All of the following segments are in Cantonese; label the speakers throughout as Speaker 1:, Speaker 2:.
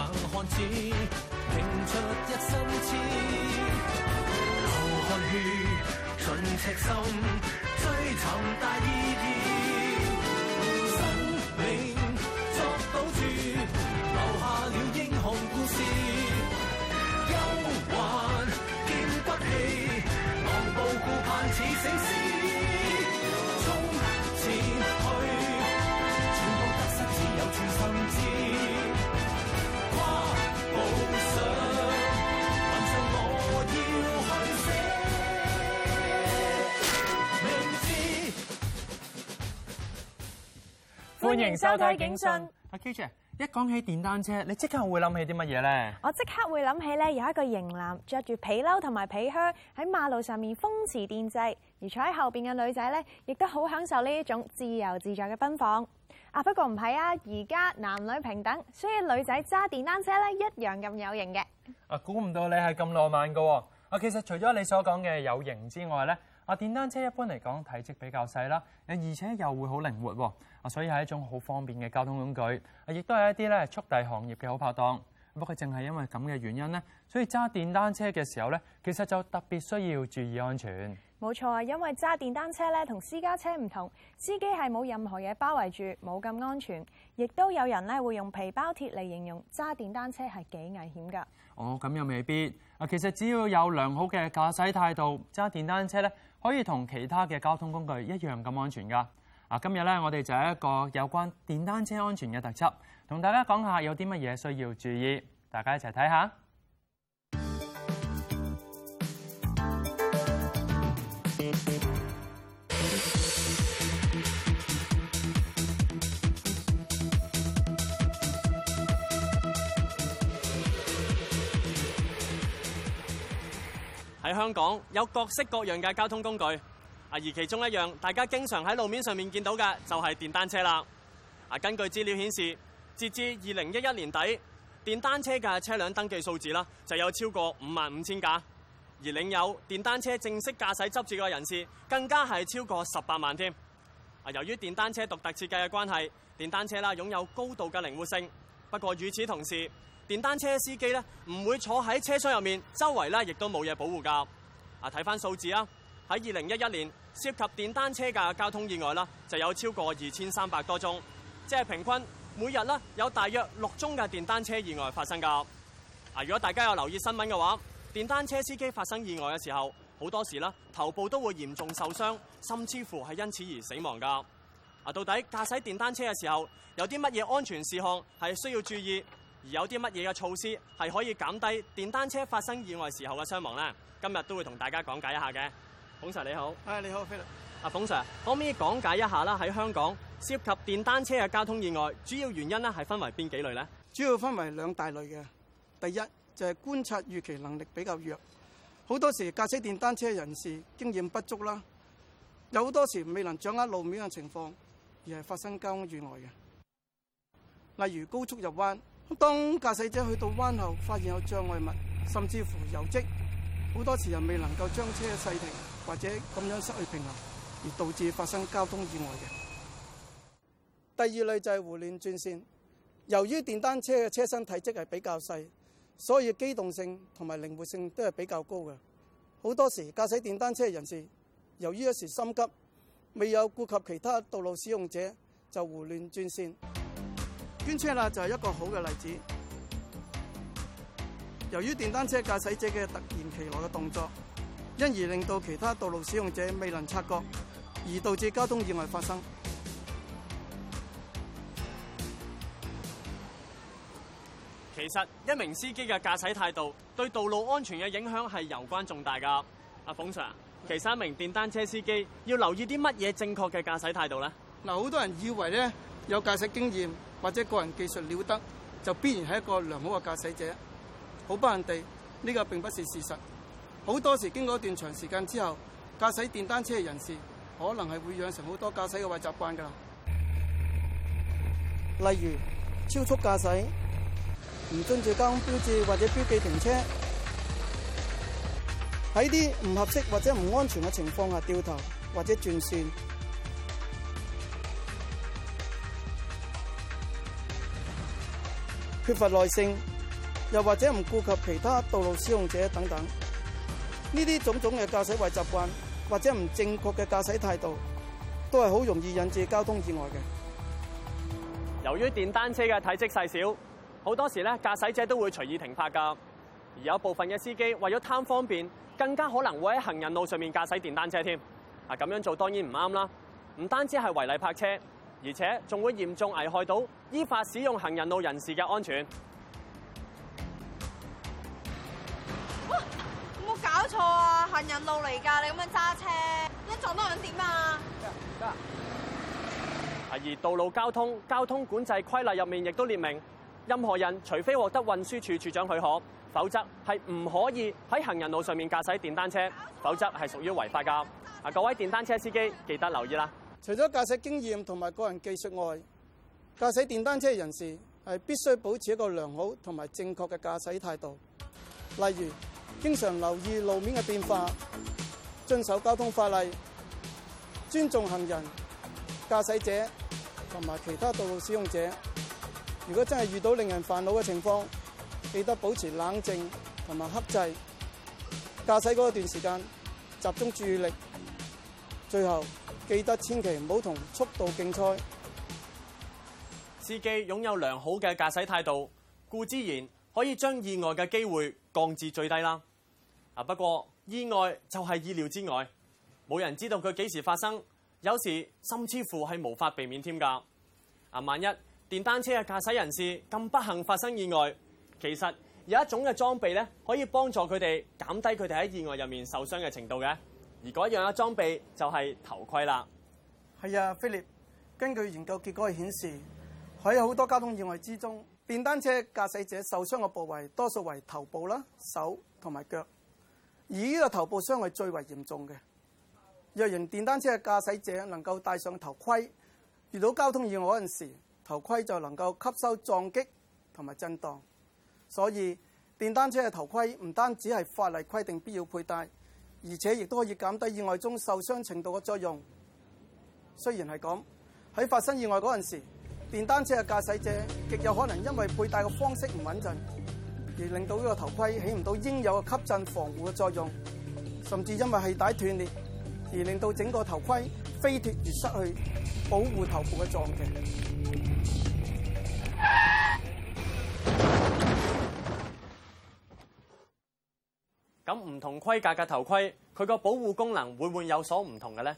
Speaker 1: 硬漢子拼出一身刺，流汗血盡赤心，追尋大意義。生命作賭注，留下了英雄故事。憂患見骨氣，昂步顧盼似死士。
Speaker 2: 歡迎收睇警訊。
Speaker 1: 阿 K 姐，一講起電單車，你即刻會諗起啲乜嘢咧？
Speaker 2: 我即刻會諗起咧有一個型男著住皮褸同埋皮靴喺馬路上面風馳電掣，而坐喺後邊嘅女仔咧亦都好享受呢一種自由自在嘅奔放。啊不過唔係啊，而家男女平等，所以女仔揸電單車咧一樣咁有型嘅。
Speaker 1: 啊估唔到你係咁浪漫㗎喎。啊其實除咗你所講嘅有型之外咧。啊！電單車一般嚟講體積比較細啦，誒而且又會好靈活喎，啊所以係一種好方便嘅交通工具，啊亦都係一啲咧速遞行業嘅好拍檔。不過正係因為咁嘅原因咧，所以揸電單車嘅時候咧，其實就特別需要注意安全。
Speaker 2: 冇錯啊，因為揸電單車咧同私家車唔同，司機係冇任何嘢包圍住，冇咁安全，亦都有人咧會用皮包鐵嚟形容揸電單車係幾危險㗎。哦，
Speaker 1: 咁又未必。啊，其實只要有良好嘅駕駛態度，揸電單車咧。可以同其他嘅交通工具一樣咁安全㗎。今日呢，我哋就有一個有關電單車安全嘅特輯，同大家講下有啲乜嘢需要注意，大家一齊睇下。
Speaker 3: 喺香港有各式各樣嘅交通工具。啊，而其中一樣大家經常喺路面上面見到嘅就係電單車啦。啊，根據資料顯示，截至二零一一年底，電單車嘅車輛登記數字啦就有超過五萬五千架，而領有電單車正式駕駛執照嘅人士更加係超過十八萬添。啊，由於電單車獨特設計嘅關係，電單車啦擁有高度嘅靈活性。不過與此同時，電單車司機咧唔會坐喺車廂入面，周圍咧亦都冇嘢保護噶。啊，睇翻數字啦，喺二零一一年涉及電單車嘅交通意外啦，就有超過二千三百多宗，即係平均每日呢有大約六宗嘅電單車意外發生噶。啊，如果大家有留意新聞嘅話，電單車司機發生意外嘅時候，好多時呢頭部都會嚴重受傷，甚至乎係因此而死亡噶。啊，到底駕駛電單車嘅時候有啲乜嘢安全事項係需要注意？而有啲乜嘢嘅措施係可以減低電單車發生意外的時候嘅傷亡呢？今日都會同大家講解一下嘅。馮 Sir 你好，
Speaker 4: 誒你好，Philip。
Speaker 3: 阿、啊、馮 Sir，可唔可以講解一下啦？喺香港涉及電單車嘅交通意外，主要原因咧係分為邊幾類呢？
Speaker 4: 主要分為兩大類嘅。第一就係、是、觀察預期能力比較弱，好多時駕駛電單車嘅人士經驗不足啦，有好多時未能掌握路面嘅情況，而係發生交通意外嘅。例如高速入彎。當駕駛者去到彎後，發現有障礙物，甚至乎油漬，好多時又未能夠將車細停，或者咁樣失去平衡，而導致發生交通意外嘅。第二類就係胡亂轉線。由於電單車嘅車身體積係比較細，所以機動性同埋靈活性都係比較高嘅。好多時駕駛電單車嘅人士，由於一時心急，未有顧及其他道路使用者，就胡亂轉線。捐車啦，就係一個好嘅例子。由於電單車駕駛者嘅突然其來嘅動作，因而令到其他道路使用者未能察覺，而導致交通意外發生。
Speaker 3: 其實，一名司機嘅駕駛態度對道路安全嘅影響係有關重大噶。阿馮 Sir、啊，其三名電單車司機要留意啲乜嘢正確嘅駕駛態度呢？
Speaker 4: 嗱，好多人以為咧有駕駛經驗。或者個人技術了得，就必然係一個良好嘅駕駛者，好不幸地，呢個並不是事實。好多時經過一段長時間之後，駕駛電單車嘅人士，可能係會養成好多駕駛嘅壞習慣㗎。例如超速駕駛，唔遵守交通標誌或者標記停車，喺啲唔合適或者唔安全嘅情況下掉頭或者轉線。缺乏耐性，又或者唔顧及其他道路使用者等等，呢啲種種嘅駕駛壞習慣，或者唔正確嘅駕駛態度，都係好容易引致交通意外嘅。
Speaker 3: 由於電單車嘅體積細小，好多時咧駕駛者都會隨意停泊㗎，而有部分嘅司機為咗貪方便，更加可能會喺行人路上面駕駛電單車添。啊，咁樣做當然唔啱啦，唔單止係違例泊車。而且仲會嚴重危害到依法使用行人路人士嘅安全。有
Speaker 2: 冇搞錯啊？行人路嚟㗎，你咁樣揸車，一撞到
Speaker 3: 人點啊？而道路交通交通管制規例入面亦都列明，任何人除非獲得運輸處處長許可，否則係唔可以喺行人路上面駕駛電單車，否則係屬於違法㗎。啊，各位電單車司機，記得留意啦。
Speaker 4: 除咗駕駛經驗同埋個人技術外，駕駛電單車的人士係必須保持一個良好同埋正確嘅駕駛態度。例如，經常留意路面嘅變化，遵守交通法例，尊重行人、駕駛者同埋其他道路使用者。如果真係遇到令人煩惱嘅情況，記得保持冷靜同埋克制。駕駛嗰段時間，集中注意力。最後，記得千祈唔好同速度競賽。
Speaker 3: 司機擁有良好嘅駕駛態度，固之然可以將意外嘅機會降至最低啦。不過意外就係意料之外，冇人知道佢幾時發生，有時甚至乎係無法避免添㗎。啊，萬一電單車嘅駕駛人士咁不幸發生意外，其實有一種嘅裝備咧，可以幫助佢哋減低佢哋喺意外入面受傷嘅程度嘅。而嗰樣嘅裝備就係頭盔啦。
Speaker 4: 係啊，Philip，根據研究結果顯示，喺好多交通意外之中，電單車駕駛者受傷嘅部位多數為頭部啦、手同埋腳。而呢個頭部傷係最為嚴重嘅。若然電單車嘅駕駛者能夠戴上頭盔，遇到交通意外嗰陣時，頭盔就能夠吸收撞擊同埋震盪。所以電單車嘅頭盔唔單止係法例規定必要佩戴。而且亦都可以減低意外中受傷程度嘅作用。雖然係咁，喺發生意外嗰陣時，電單車嘅駕駛者極有可能因為佩戴嘅方式唔穩陣，而令到呢個頭盔起唔到應有嘅吸震防護嘅作用，甚至因為繫帶斷裂而令到整個頭盔飛脱而失去保護頭部嘅作用。
Speaker 3: 咁唔同規格嘅頭盔，
Speaker 4: 佢個保護功能會唔會有所唔同嘅呢？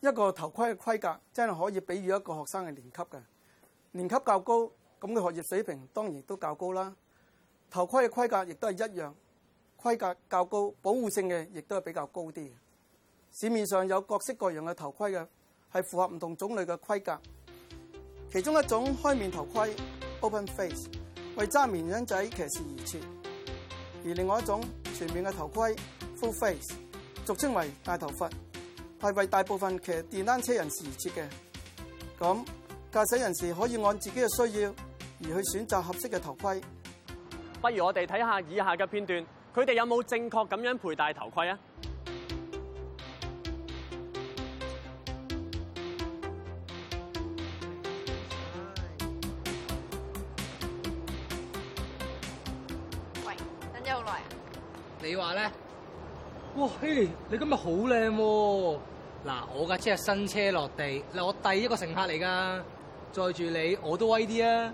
Speaker 4: 一個頭盔嘅規格真係可以比喻一個學生嘅年級嘅，年級較高，咁佢學業水平當然都較高啦。頭盔嘅規格亦都係一樣，規格較高，保護性嘅亦都係比較高啲。市面上有各式各樣嘅頭盔嘅，係符合唔同種類嘅規格。其中一種開面頭盔 （open face） 為揸綿羊仔騎士而設，而另外一種，全面嘅頭盔 （full face），俗稱為大頭佛，係為大部分騎電單車人士而設嘅。咁駕駛人士可以按自己嘅需要而去選擇合適嘅頭盔。
Speaker 3: 不如我哋睇下以下嘅片段，佢哋有冇正確咁樣佩戴頭盔啊？
Speaker 1: 哇嘿！Hayley，你今日好靚喎！嗱，我架車係新車落地，嗱，我第一個乘客嚟噶，載住你我都威啲啊！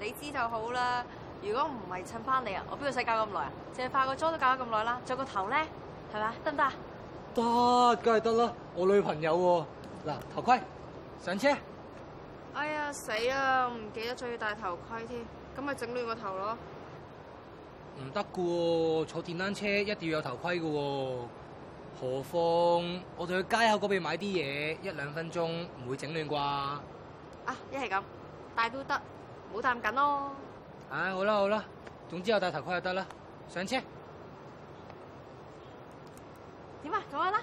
Speaker 2: 你知就好啦。如果唔係襯翻你啊，我邊度使搞咁耐啊？淨係化個妝都搞咗咁耐啦，着個頭咧，係咪啊？得唔得？
Speaker 1: 得，梗係得啦。我女朋友喎。啊，嗱，頭盔，上車。
Speaker 2: 哎呀死啦！唔記得咗要戴頭盔添，咁咪整亂個頭咯。
Speaker 1: 唔得噶，坐電單車一定要有頭盔噶。何況我哋去街口嗰邊買啲嘢，一兩分鐘唔會整亂啩。
Speaker 2: 啊，一係咁戴都得，唔好擔緊咯。
Speaker 1: 唉、啊，好啦好啦，總之有戴頭盔就得啦。上車
Speaker 2: 點啊？講下啦，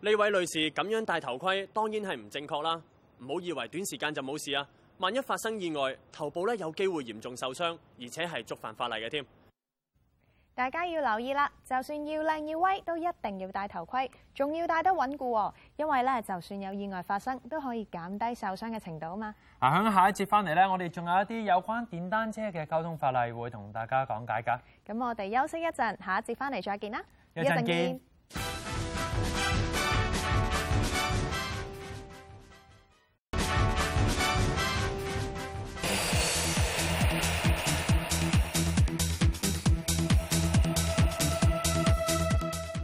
Speaker 3: 呢位女士咁樣戴頭盔，當然係唔正確啦。唔好以為短時間就冇事啊，萬一發生意外，頭部咧有機會嚴重受傷，而且係觸犯法例嘅添。
Speaker 2: 大家要留意啦，就算要靚要威，都一定要戴頭盔，仲要戴得穩固，因為咧就算有意外發生，都可以減低受傷嘅程度啊嘛。
Speaker 1: 嗱、啊，喺下一節翻嚟咧，我哋仲有一啲有關電單車嘅交通法例會同大家講解噶。
Speaker 2: 咁我哋休息一陣，下一節翻嚟再見啦。一陣見。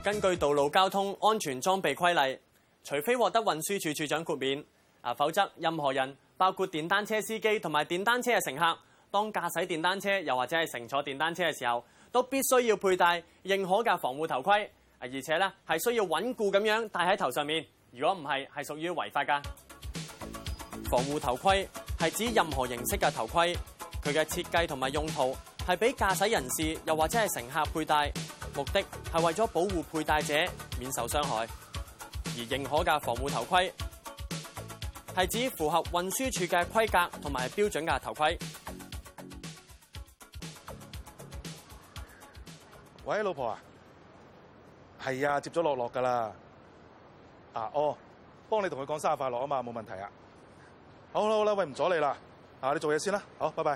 Speaker 3: 根據道路交通安全裝備規例，除非獲得運輸處處長豁免，啊，否則任何人，包括電單車司機同埋電單車嘅乘客，當駕駛電單車又或者係乘坐電單車嘅時候，都必須要佩戴認可嘅防護頭盔，而且咧係需要穩固咁樣戴喺頭上面。如果唔係，係屬於違法㗎。防護頭盔係指任何形式嘅頭盔，佢嘅設計同埋用途係俾駕駛人士又或者係乘客佩戴。目的係為咗保護佩戴者免受傷害，而認可嘅防護頭盔係指符合運輸署嘅規格同埋標準嘅頭盔。
Speaker 1: 喂，老婆啊，係啊，接咗樂樂噶啦。啊，哦，幫你同佢講生日快樂啊嘛，冇問題啊。好啦好啦，喂唔阻你啦，啊你做嘢先啦，啊，好，拜拜。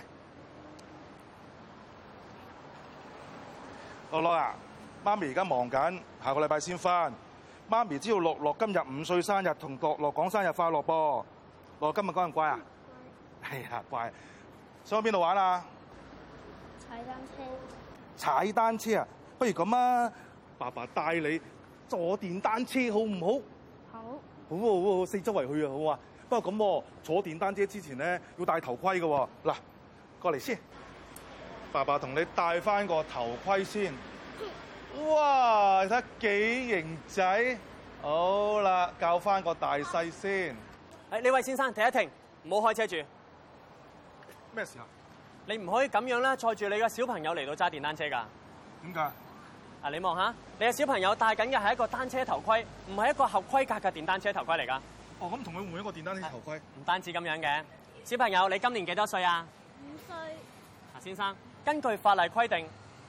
Speaker 1: 樂、哦、樂啊！媽咪而家忙緊，下個禮拜先翻。媽咪知道樂樂今日五歲生日，同樂樂講生日快樂噃。樂樂今日乖唔乖啊？係、嗯、啊，乖、哎。想去邊度玩啊？
Speaker 2: 踩單車。
Speaker 1: 踩單車啊？不如咁啊，爸爸帶你坐電單車好唔好？
Speaker 2: 好。
Speaker 1: 好好，好，四周圍去啊，好啊。不過咁喎、啊，坐電單車之前咧要戴頭盔嘅嗱、啊，過嚟先。爸爸同你戴翻個頭盔先。哇，睇得幾型仔，好啦，教翻個大細先。誒、哎，呢位先
Speaker 3: 生停一停，唔好開車住。咩事啊？你唔可以咁樣啦，載住你個小朋友嚟到揸電單車噶。點解？嗱，你望下，你嘅小朋友戴緊嘅係一個單車頭盔，唔係一個合規格嘅電單車頭盔嚟噶。
Speaker 1: 哦，咁同佢換一個電單車頭盔。
Speaker 3: 啊，唔單止咁樣嘅，小朋友，你今年幾多歲啊？五歲。嗱，先生，根據法例規定。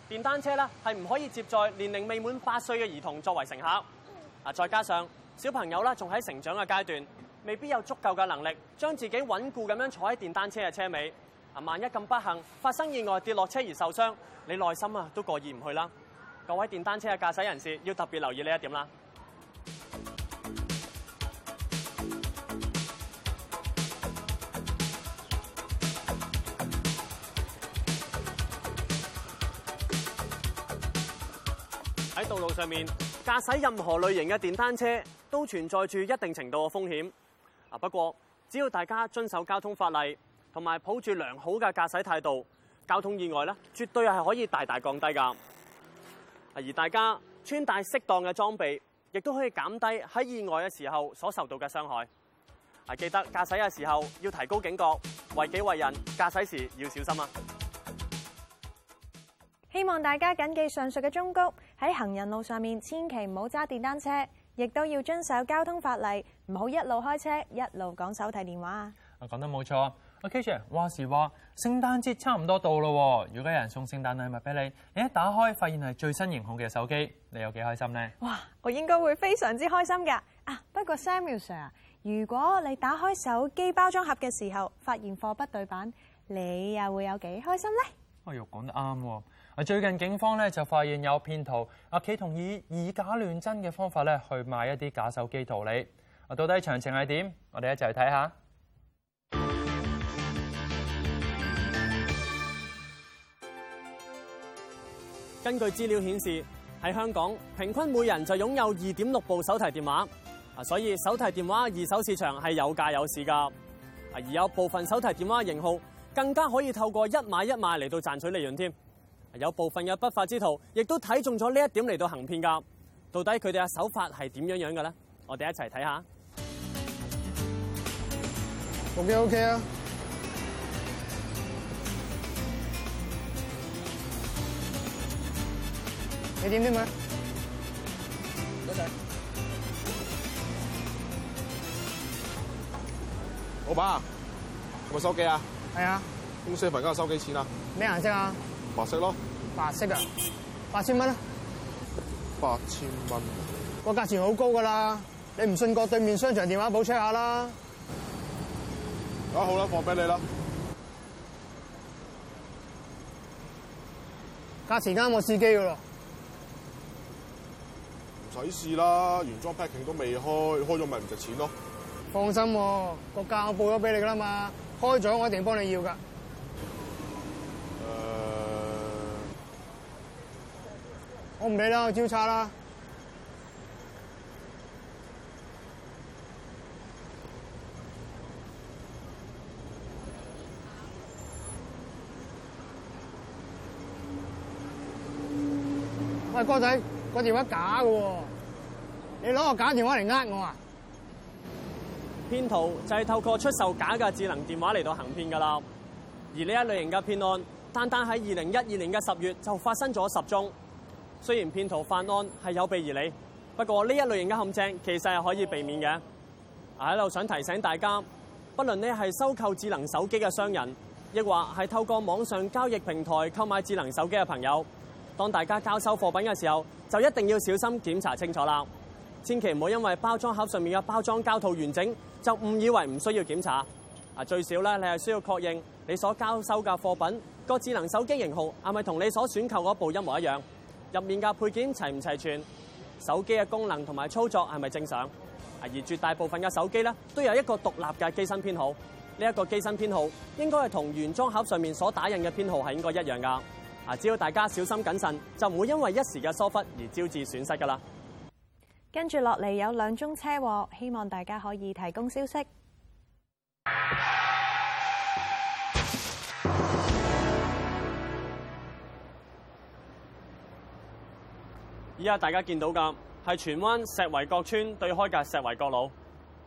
Speaker 3: 電單車啦，係唔可以接載年齡未滿八歲嘅兒童作為乘客。啊，再加上小朋友啦，仲喺成長嘅階段，未必有足夠嘅能力將自己穩固咁樣坐喺電單車嘅車尾。啊，萬一咁不幸發生意外跌落車而受傷，你內心啊都過意唔去啦。各位電單車嘅駕駛人士，要特別留意呢一點啦。路上面駕駛任何類型嘅電單車，都存在住一定程度嘅風險。啊，不過只要大家遵守交通法例，同埋抱住良好嘅駕駛態度，交通意外咧，絕對係可以大大降低㗎。而大家穿戴適當嘅裝備，亦都可以減低喺意外嘅時候所受到嘅傷害。啊，記得駕駛嘅時候要提高警覺，為己為人，駕駛時要小心啊！
Speaker 2: 希望大家謹記上述嘅忠告。喺行人路上面，千祈唔好揸電單車，亦都要遵守交通法例，唔好一路開車一路講手提電話
Speaker 1: 啊！我講得冇錯。Kath 話時話，聖誕節差唔多到咯，如果有人送聖誕禮物俾你，你一打開發現係最新型號嘅手機，你有幾開心呢？
Speaker 2: 哇！我應該會非常之開心嘅。啊，不過 Samuel Sir 啊，如果你打開手機包裝盒嘅時候，發現貨不對板，你又會有幾開心呢？
Speaker 1: 啊，又講得啱喎！最近警方咧就發現有騙徒阿企同以以假亂真嘅方法咧去賣一啲假手機套你。啊，到底詳情係點？我哋一齊睇下。
Speaker 3: 根據資料顯示，喺香港平均每人就擁有二點六部手提電話。啊，所以手提電話二手市場係有價有市㗎。啊，而有部分手提電話型號。更加可以透過一買一賣嚟到賺取利潤添，有部分嘅不法之徒亦都睇中咗呢一點嚟到行騙噶，到底佢哋嘅手法係點樣樣嘅咧？我哋一齊睇下。
Speaker 4: O K O K 啊，你點名啊？
Speaker 3: 得啦，
Speaker 1: 老闆，係咪收機啊？係啊！公司份間收幾錢啊？
Speaker 4: 咩顏色啊？
Speaker 1: 白色咯。白色啊，
Speaker 4: 八千蚊咯。
Speaker 1: 八千蚊。個價錢好高噶啦！你唔信過對面商場電話簿 check 下啦。
Speaker 3: 咁、啊、好啦，放俾你啦。
Speaker 4: 價錢啱我試機噶咯。
Speaker 3: 唔使試啦，原裝 packing 都未開，開咗咪唔值錢咯。
Speaker 4: 放心、啊，個價我報咗俾你噶啦嘛。開咗我一定幫你要㗎。誒、uh...，
Speaker 1: 我唔理啦，我招差啦。
Speaker 4: Uh... 喂，哥仔，個電話假㗎喎！
Speaker 1: 你攞個假電話嚟呃我啊？
Speaker 3: 騙徒就係透過出售假嘅智能電話嚟到行騙㗎啦。而呢一類型嘅騙案，單單喺二零一二年嘅十月就發生咗十宗。雖然騙徒犯案係有備而嚟，不過呢一類型嘅陷阱其實係可以避免嘅。喺度想提醒大家，不論你係收購智能手機嘅商人，亦或係透過網上交易平台購買智能手機嘅朋友，當大家交收貨品嘅時候，就一定要小心檢查清楚啦。千祈唔好因為包裝盒上面嘅包裝膠套完整，就誤以為唔需要檢查。啊，最少咧，你係需要確認你所交收嘅貨品個智能手機型號係咪同你所選購嗰部一模一樣，入面嘅配件齊唔齊全，手機嘅功能同埋操作係咪正常？啊，而絕大部分嘅手機咧都有一個獨立嘅機身編號，呢一個機身編號應該係同原裝盒上面所打印嘅編號係應該一樣㗎。啊，只要大家小心謹慎，就唔會因為一時嘅疏忽而招致損失㗎啦。
Speaker 2: 跟住落嚟有兩宗車禍，希望大家可以提供消息。
Speaker 3: 而家大家見到噶係荃灣石圍角村對開嘅石圍角路啊，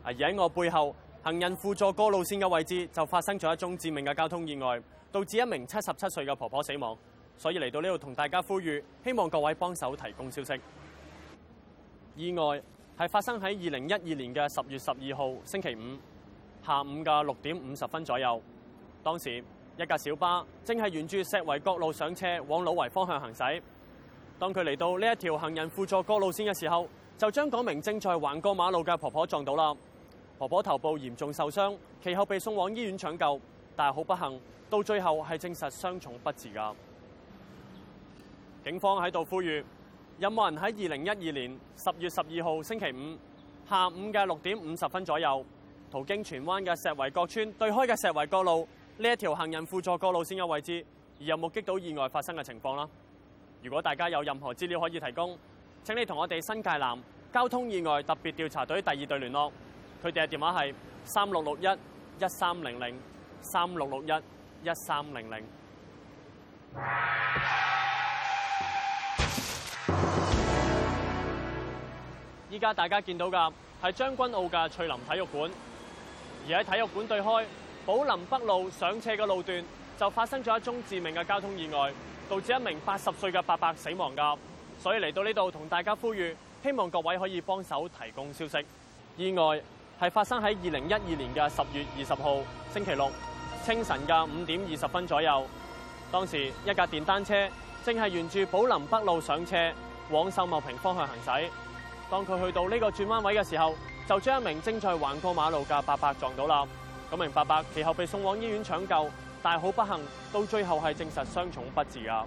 Speaker 3: 而喺我背後行人輔助過路線嘅位置就發生咗一宗致命嘅交通意外，導致一名七十七歲嘅婆婆死亡。所以嚟到呢度同大家呼籲，希望各位幫手提供消息。意外係發生喺二零一二年嘅十月十二號星期五下午嘅六點五十分左右。當時一架小巴正係沿住石圍角路上車往老圍方向行駛。當佢嚟到呢一條行人輔助過路線嘅時候，就將嗰名正在橫過馬路嘅婆婆撞到啦。婆婆頭部嚴重受傷，其後被送往醫院搶救，但係好不幸，到最後係證實傷重不治噶。警方喺度呼籲。有冇人喺二零一二年十月十二號星期五下午嘅六點五十分左右，途經荃灣嘅石圍角村對開嘅石圍角路呢一條行人輔助過路綫嘅位置，而有冇目擊到意外發生嘅情況啦？如果大家有任何資料可以提供，請你同我哋新界南交通意外特別調查隊第二隊聯絡，佢哋嘅電話係三六六一一三零零三六六一一三零零。 依家大家見到㗎係將軍澳嘅翠林體育館，而喺體育館對開寶林北路上斜嘅路段就發生咗一宗致命嘅交通意外，導致一名八十歲嘅伯伯死亡㗎。所以嚟到呢度同大家呼籲，希望各位可以幫手提供消息。意外係發生喺二零一二年嘅十月二十號星期六清晨嘅五點二十分左右。當時一架電單車正係沿住寶林北路上斜往秀茂坪方向行駛。當佢去到呢個轉彎位嘅時候，就將一名正在橫過馬路嘅伯伯撞到啦。嗰名伯伯其後被送往醫院搶救，但好不幸，到最後係證實傷重不治啊！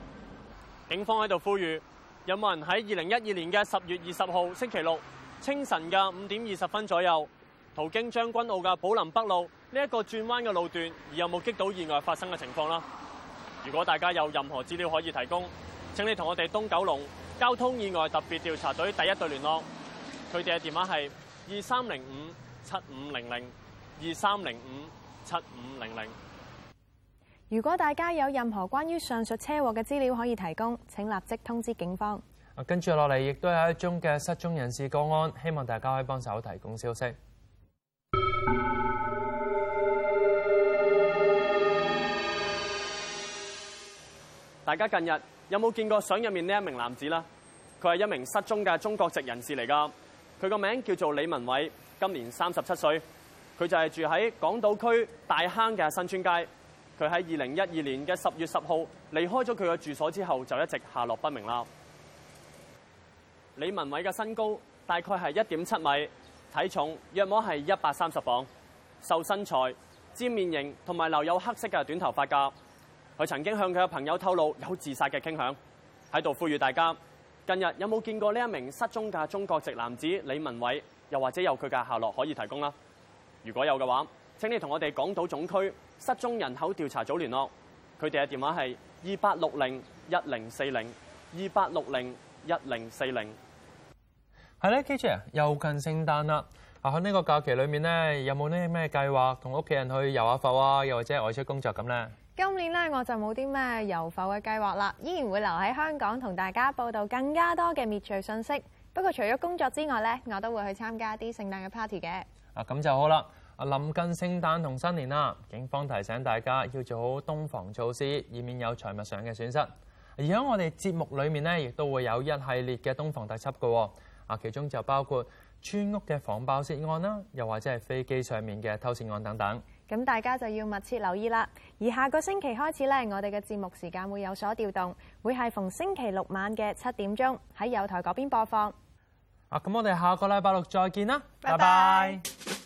Speaker 3: 警方喺度呼籲：有冇人喺二零一二年嘅十月二十號星期六清晨嘅五點二十分左右，途經將軍澳嘅寶林北路呢一個轉彎嘅路段，而有冇擊到意外發生嘅情況呢？如果大家有任何資料可以提供，請你同我哋東九龍，交通意外特別調查隊第一隊聯絡，佢哋嘅電話係二三零五七五零零二三零五七五零零。
Speaker 2: 如果大家有任何關於上述車禍嘅資料可以提供，請立即通知警方。
Speaker 1: 跟住落嚟亦都有一宗嘅失蹤人士個案，希望大家可以幫手提供消息。
Speaker 3: 大家近日，有冇見過相入面呢一名男子呢？佢係一名失蹤嘅中國籍人士嚟㗎。佢個名叫做李文偉，今年三十七歲。佢就係住喺港島區大坑嘅新村街。佢喺二零一二年嘅十月十號離開咗佢嘅住所之後，就一直下落不明啦。李文偉嘅身高大概係一點七米，體重約摸係一百三十磅，瘦身材、尖面型同埋留有黑色嘅短頭髮㗎。佢曾經向佢嘅朋友透露有自殺嘅傾向，喺度呼籲大家，近日有冇見過呢一名失蹤嘅中國籍男子李文偉？又或者有佢嘅下落可以提供啦？如果有嘅話，請你同我哋港島總區失蹤人口調查組聯絡。佢哋嘅電話係二八六零一零四零二八六零一零四零。
Speaker 1: 係咧，K 姐又近聖誕啦。啊，喺呢個假期裏面呢，有冇呢啲咩計劃同屋企人去遊下埠啊？又或者外出工作咁咧？
Speaker 2: 今年咧我就冇啲咩遊浮嘅計劃啦，依然會留喺香港同大家報道更加多嘅滅罪信息。不過除咗工作之外咧，我都會去參加一啲聖誕嘅 party 嘅。
Speaker 1: 啊咁就好啦。啊，臨近聖誕同新年啦，警方提醒大家要做好冬防措施，以免有財物上嘅損失。而喺我哋節目裏面呢，亦都會有一系列嘅冬防特輯嘅。啊，其中就包括村屋嘅防爆竊案啦、啊，又或者係飛機上面嘅偷竊案等等。
Speaker 2: 咁大家就要密切留意啦。而下個星期開始咧，我哋嘅節目時間會有所調動，會係逢星期六晚嘅七點鐘喺友台嗰邊播放。
Speaker 1: 啊，咁我哋下個禮拜六再見啦，拜拜。Bye bye